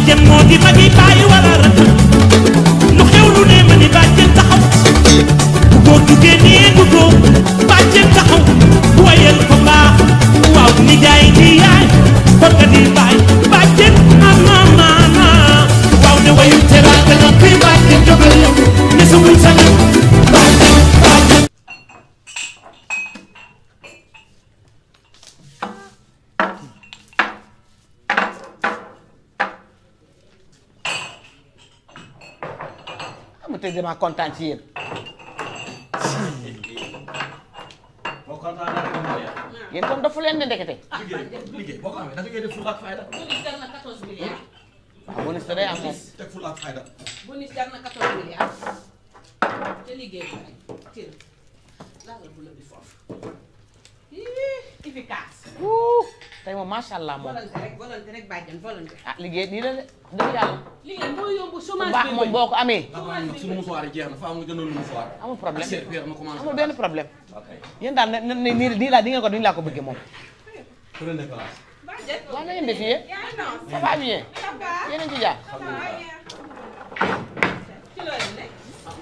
bàjjen moo di ma di bàyyi wala rak lu xew lu ne ma di bàjjen taxaw bu góor jugee nii bu góor bàjjen taxaw wayal ko mbaax waaw nijaay di yaay kon nga di bàyyi damaa kontaan ci yéen. yéen kon dafa leen ne ndekete. liggéey boo ko amee da ngay def fulla ak fayda. bonus jar na 14 milliards. waaw ah, bonus da day am moom. teg fulla ak fayda. bonus jar na 14 milliards. te liggéey bi rek. kii la laal la bu la bi foofu. efficace. tey moom macha allah moom. volonté rek volonté rek ah liggéey nii la de dëgg moom boo ko amee. suñu musuwaar yi jeex na faaw nga jëndoon lu musuwaar. amul nii laa di ngeen ko duñu ko bëggee moom. prenez place. waaw na ngeen def yéen. ça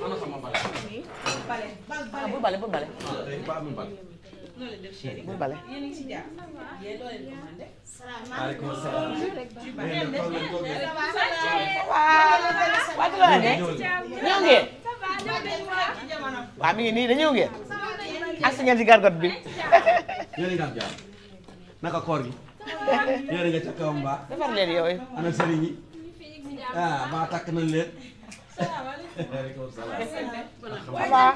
a ah bu bale ah, ah, bu bale. maaleykum salaam. waaw ñëw mi ngi nii de ñëw ngeen. ak si gargot bi. yéen a ngi am jàmm naka koor gi. yéen a ngi ca kawam ba. defar leen yow. ana sëriñ yi ah ba takk nañ leen. maaleykum salaam. voilà.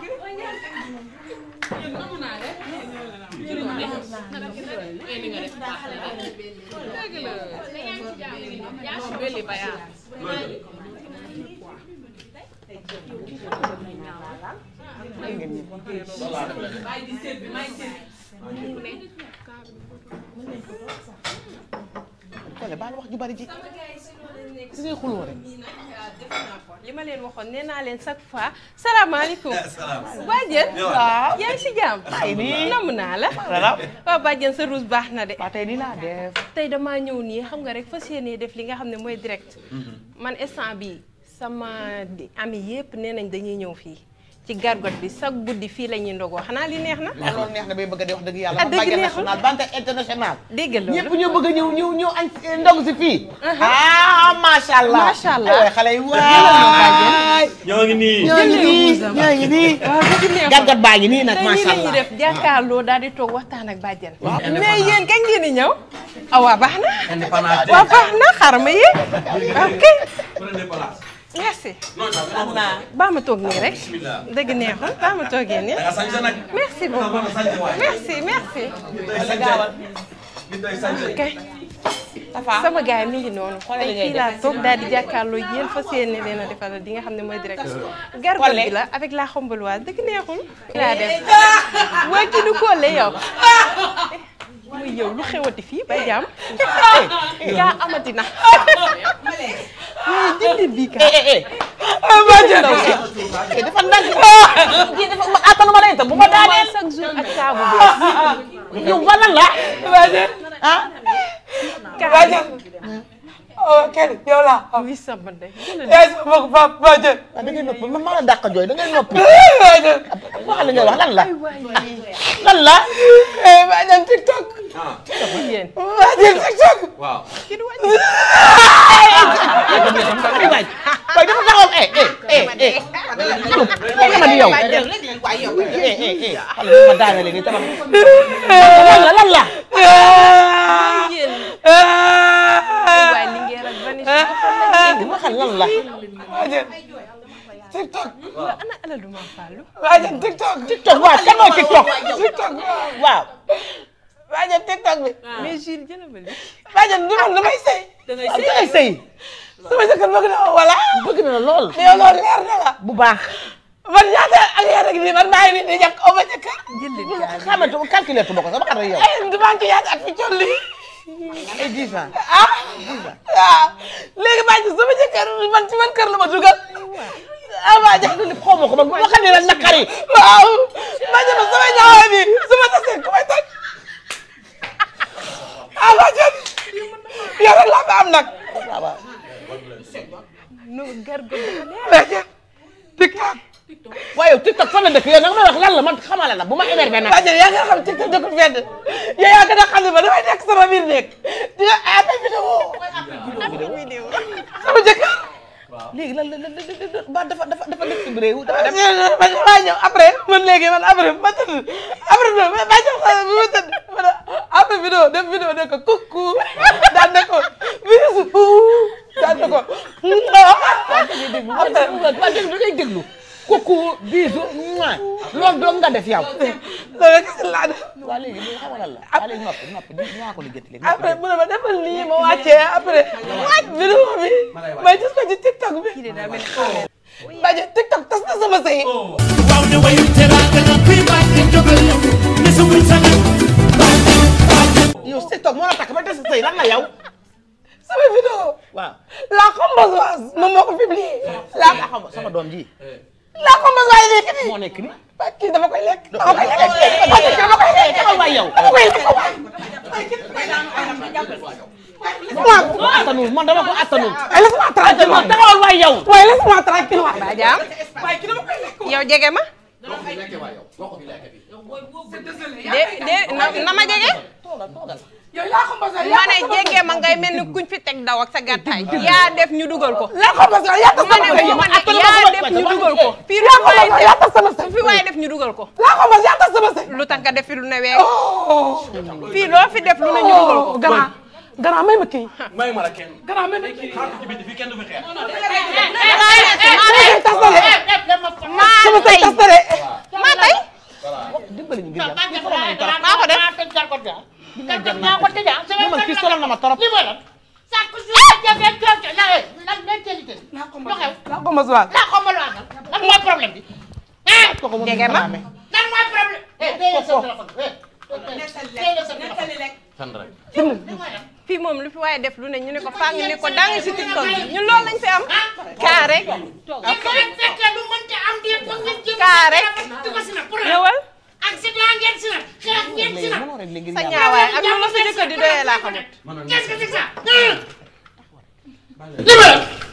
baal wax ju bari ji. si ngay xuloo rek. Ah, li ma leen waxoon nee naa leen chaque fois salaamaaleykum. salaamaaleykum bàjjen. waaw yaa si jàmm. ay nii namm naa la. waaw bàjjen sa ruus baax na de. waaw tey nii laa def. tey damaa ñëw nii xam nga rek fas yéenee def li nga xam ne mooy direct. Mm-hmm. man instant bi sama ami yëpp nee nañ dañuy ñëw fii. ci gargote bi chaque guddi fii la ñuy ndogoo xanaa li neex na. loolu neex na bay bëgg a wax dëgg yàlla. Ah, dëgg neexul national banque internationale. dégg loolu ñëpp ñoo bëgg a ñëw ñëw ñëw añ ndog si fii. Uh-huh. ah macha allah macha allah xale yi waay. ñoo ngi nii nag macha allah def jàkkaarloo daal di toog waxtaan ak bàjjen. mais yéen kañ ngeen di ñëw. ah waa baax na. indépendance baax na xaaral ma yéeg. merci. baa ma toog nii rek. dëgg neexul baa ma toogee nii. merci beaucoup merci merci. ok. sama gars yi mi ngi noonu. xoolal fii toog daal di jàkkaarloo yéen fas yéene leen a defal di nga xam ne mooy direct. garba bi la avec la xombaloise dëgg neexul. laa def eh, ah! waa kii du kolle yow. muy yow lu xewati fii ba jàmm. Eh, gaa amati na. indi bii kaa. dafa nag kii dafa a leen te bu ma daanee chaque jour ak kaa bu bees. yow wala la. ah. oh kenn yow laa. oui sama ndey. da ngay noppi man maa la dàq jooy da ngay noppi. maa jël wax la nga wax lan la. lan la. maa jël TikTok. ah yéen. waa jël TikTok. waaw. kii du wàññi. waaye dafa taxaw eh eh eh. xam nga ni yow. eh eh eh. xam nga ma daanale nii tamit. lan la lan la. waxal lan la. TikTok. waaw ana alal du ma faalu. waa jël TikTok. TikTok waaw kan mooy TikTok. TikTok waaw. bàjjan tiktok bi. Ah. mais Gilles jëlal ma lii. bàjjan du man damay sëy. damay sëy damay sëy. sama jëkkër bëgg na ma wala. bëgg na lool. mais yow loolu leer na la. bu baax. man ñaata ak yéen rek nii man maa ngi nii di ñàkk aw ma jëkkër. jëndee jaay ma xamante ne calculé tu ma ko sama xarit yow. ay eh, du maa ngi yaat at fi jolli. ay eh, dix ans. ah waaw. Ah. léegi maa ngi sama jëkkër man ci man kër la ma dugal. ah maa ngi xaw ma ko man waxal ni la naqari. waaw maa ngi sama ñaawal bi. troisième yow rek laa fa am nag waaw. Badiane TikTok. waaye yow TikTok fan la dëkk yow nag ma wax lan la man xamala la bu ma énervé nag. Badiane yaa ngi xam TikTok dëkk fenn yow yaa gën a xam ne ba damay nekk sama biir nekk di nga appel vidéo. appel vidéo sama jëkkër. léegi lan la lan la dafa dafa dafa nekk ci réew. dafa dem man maa ñëw après man léegi man après ma tëdd après ma jox ma tëdd am na vidéo def vidéo ne ko coucou daan na ko bisou daan na ko am na doon lay déglu coucou bisou ma loolu doom nga def yow loolu rek la waa léegi noppi noppi ñaa ko lii ma wàccee après waaj vidéo bi may ko ci tiktok bi oh. baje tiktok tas na sama sëy waaw ne na kuy baaj di yow TikTok moo la takk ba des sëy lan la yow. sama vidéo. waaw la xambasoise moom moo ko publié. la ji. la xambasoise lekk nii. nekk nii. kii dama koy lekk. dama koy lekk dama koy lekk dama koy lekk dama koy lekk waaw. man dama ko attanul. waaye laisse moi tranquille waay taxawal waay yow. waaye laisse moi tranquille waay. ma. de de na ma jege. toogal toogal. yow yaa ko mbasal yaa kuñ fi teg daw ak sa gàttaay. yaa def ñu dugal ko. yaa ko mbasal yaa ko mbasal ma ne ko. fii lu waay def fi def ñu dugal ko. yaa ko lu tax nga def fi lu ne weeg. Oh. fii loo fi def lu ne ñu dugal ko. Oh, grand may ma kii. may ma la kenn. grand may ma kii xaar ci biti fii kenn maa ko def. kàddu naa ko tëjee ah. sama kii sonal na ma trop li ma la. sànq si sa jafe jooju la lan lan tëli tëli. naa sa téléphone moom lu fi waaye def lu ne ñu ne ko fang ne ko dang si TikTok ñun loolu lañ fi am. kaa rek. kaa rek li ngir yàlla waaye ak ma sa jëkkër di doyee laa xamut qu'est-ce que c'est li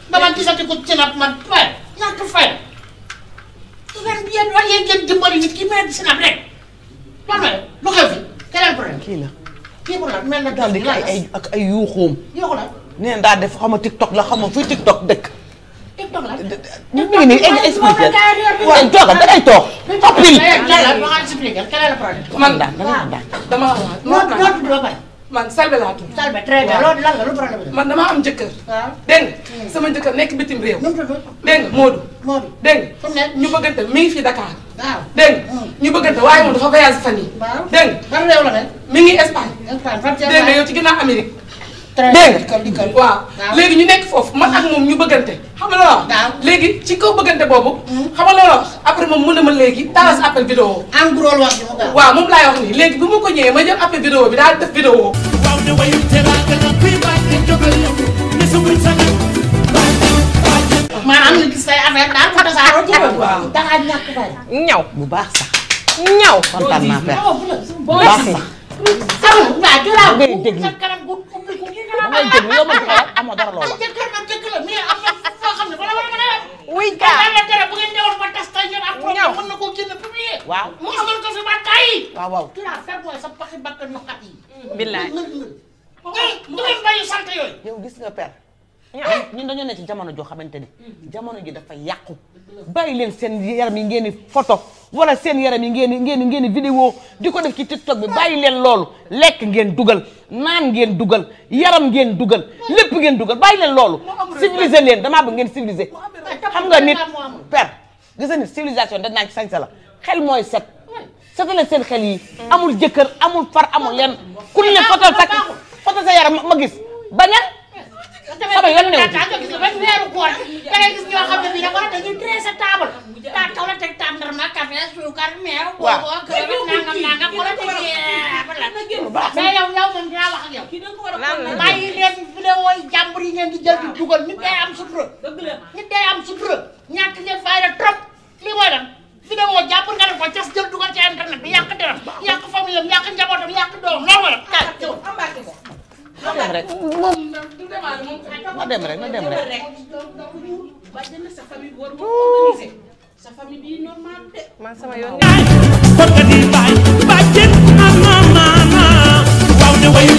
ma dama ko man fay ñàkk fay yéen yéen war yéen ngeen dimbali nit ki mel ni sinab rek man ma lu xew fi keneen kii la kii la na daal di ay ay ak ay yuuxoom yuuxu daa def xama tiktok la xama fuy tiktok dëkk ñu ngi nii expliqué waaw toogal da ngay toog. toppil man dama wax man am jëkkër. waaw dégg nga jëkkër nekk bitim réew. dégg nga Modou. Modou dégg nga ñu bëggante mi ngi fii Dakar. waaw dégg nga ñu bëggante waaye moom dafa voyage fan yii. waaw dégg nga ban réew la mi ngi Espagne. Espagne fan yow dégg nga waaw léegi ñu nekk foofu ma ak moom ñu bëggante xam nga la wax léegi ci kaw bëggante boobu hmm? xam nga la wax moom mu ne ma léegi talas appel vidéo en gros la wax waaw moom laay nii léegi bi ma ko ñëwee ma jël appel vidéo bi daal ne wayu teraanga la kuy baax te jógal ne sumuy sagal maa am na gis say affaire daal ko ñaw bu baax sax ñaw bu baax ngay jël yow man xalaat amoo dara loo wax. ak jëkkër nag dëkk la mais am na foo xam ne bala war a mën a yem. wuy gaa mais yàlla dara bu ngeen ñëwoon ba tas tey ngeen am problème mën na koo génne publié. waaw mu amal ko fi ba tay. waaw waaw tu la fekk mooy sa paxi bakkan yu xat yi. billaay. du ngeen bàyyi sant yooyu. yow gis nga père. Eh, ah. ñun dañoo ne ci jamono joo xamante ni mm-hmm. jamono ji dafa yàqu bàyyi leen seen yaram yi ngeen di photo wala seen yaram yi ngeen ngeen ngeen di vidéo di ko def ci tiktok bi bàyyi leen loolu lekk ngeen dugal naan ngeen dugal yaram ngeen dugal lépp ngeen dugal bàyyi leen loolu civiliser leen damaa bëgg ngeen civiliser xam nga nit per gis nga nit civilisation da naan ci sañsa la xel mooy set setale seen xel yi mm. amul jëkkër amul far amul leen ku ne fotal sa fotal sa yaram ma gis bañal xam nga yoon newu ci gis ba weeru koor da ngay gis ñoo xam ne bii dafa dañuy dressé table ta taw la teg tàndar ma café suukar meew waaw nangam nangam ko la teg mais yow yow moom dinaa wax ak yow bàyyi leen vidéo yi jàmbur yi ngeen di jël di dugal nit day am sutura nit day am sutura ñàkk ngeen fayda trop li mooy lan vidéo jàmbur nga def ko cas jël dugal ci internet bi yàq deram yàq famille am yàq njabootam yàq doom loolu la na dem rek na dem rek na dem rek. man sama yoon.